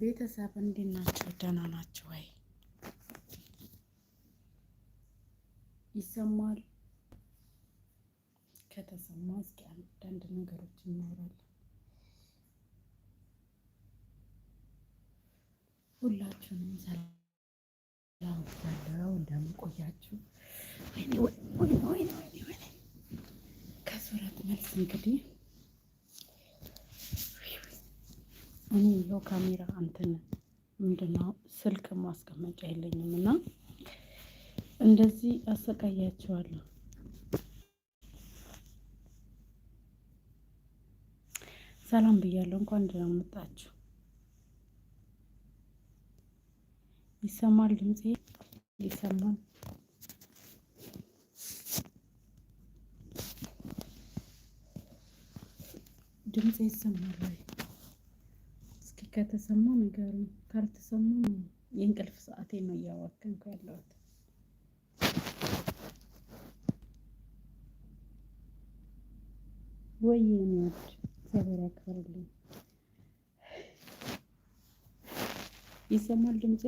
ቤተሰብ እንዴት ናቸው? ደህና ናቸው ወይ? ይሰማል? ከተሰማ እስኪ አንዳንድ ነገሮች እናወራለን። ሁላችሁንም ሰላም ባለው እንደምቆያችሁ። ወይኔ ከሱረት መልስ እንግዲህ ካሜራ እንትን ምንድነው ስልክ ማስቀመጫ የለኝም እና እንደዚህ አሰቃያቸዋለሁ። ሰላም ብያለሁ። እንኳን ደህና መጣችሁ። ይሰማል ድምፄ ይሰማል። ድምፄ ይሰማል ወይ? ከተሰማ ነገሩ ካልተሰማ የእንቅልፍ ሰዓቴ ነው እያዋከንኩ ያለሁት። ወይ የሚወድ እግዚአብሔር ያክብርልኝ። ይሰማል ድምፄ?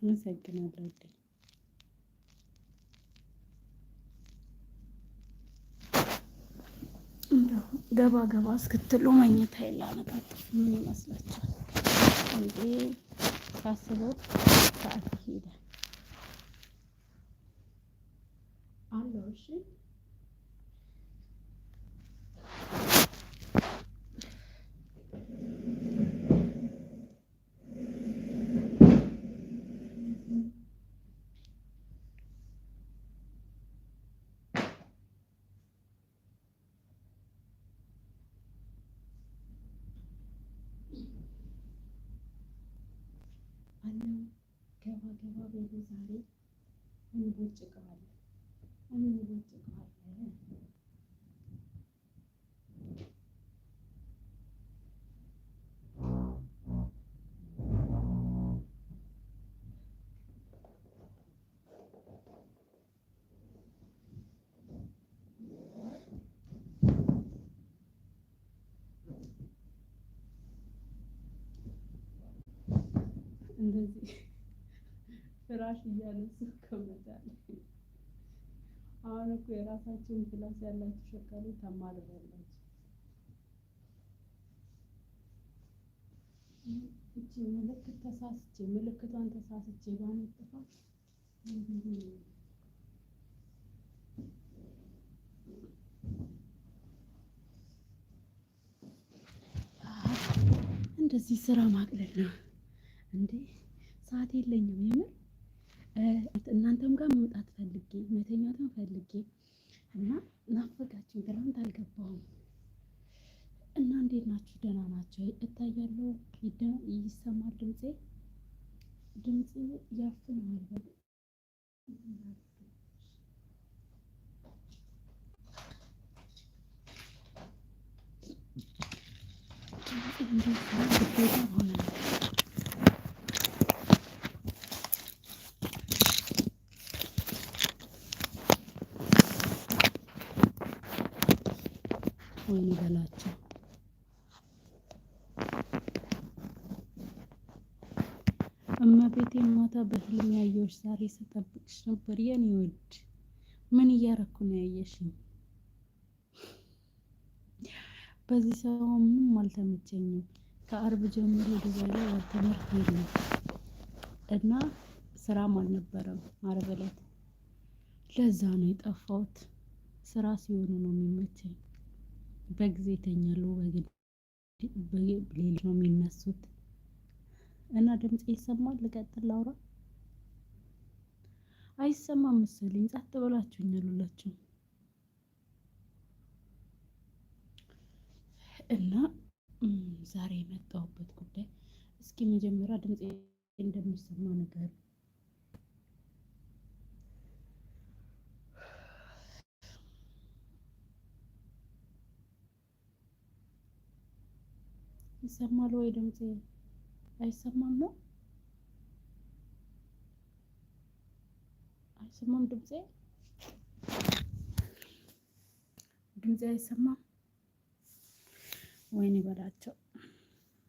አመሰግናለሁ። ገባ ገባ እስክትሉ መኝታ የላነጣጥፍ ምን ይመስላችኋል እንዴ? ሳስቦት ሰዓት ይሄዳል አለው። እሺ ሳገባ ቤቱ ዛሬ እንቦጭቀዋለን እንቦጭቀዋለን። እንደዚህ ፍራሽ እያለን ስንቀመጣለን። አሁን እኮ የራሳችሁን ክላስ ያላችሁ ሸካሎች ታማርራላችሁ። እቺ ምልክት ተሳስቼ ምልክቷን ተሳስቼ ባነጥፋ እንደዚህ ስራ ማቅለል ነው እንዴ? ሰዓት የለኝም የምር እናንተም ጋር መምጣት ፈልጌ መተኛትን ፈልጌ እና ናፈቃችሁ። ትናንት አልገባሁም እና እንዴት ናችሁ? ደህና ናቸው እታያለሁ። ይሰማል ድምፄ ድምፄ ያፍናል። እንዴት ነው ሆነ ወይን በላቸው። እመቤቴ ማታ በህልም ያየሁሽ ዛሬ ስጠብቅሽ ነበር የኔ ውድ። ምን እያረኩ ነው ያየሽኝ? በዚህ ሰው ምንም አልተመቸኝም። ከአርብ ጀምሮ ጉባኤ ላይ ትምህርት የለም እና ስራም አልነበረም አርብ ዕለት። ለዛ ነው የጠፋሁት። ስራ ሲሆኑ ነው የሚመቸኝ። በጊዜ ይተኛሉ፣ ሌሊት ነው የሚነሱት። እና ድምፅ ይሰማል። ልቀጥል ላውራ። አይሰማም መሰለኝ። ጸጥ ብላችሁኛል ሁላችሁ እና ዛሬ የመጣሁበት ጉዳይ እስኪ መጀመሪያ ድምፅ እንደሚሰማ ነገር ይሰማል ወይ ድምጽ? አይሰማም ነው አይሰማም። ድምጽ ድምጽ አይሰማም። ወይን ይበላቸው።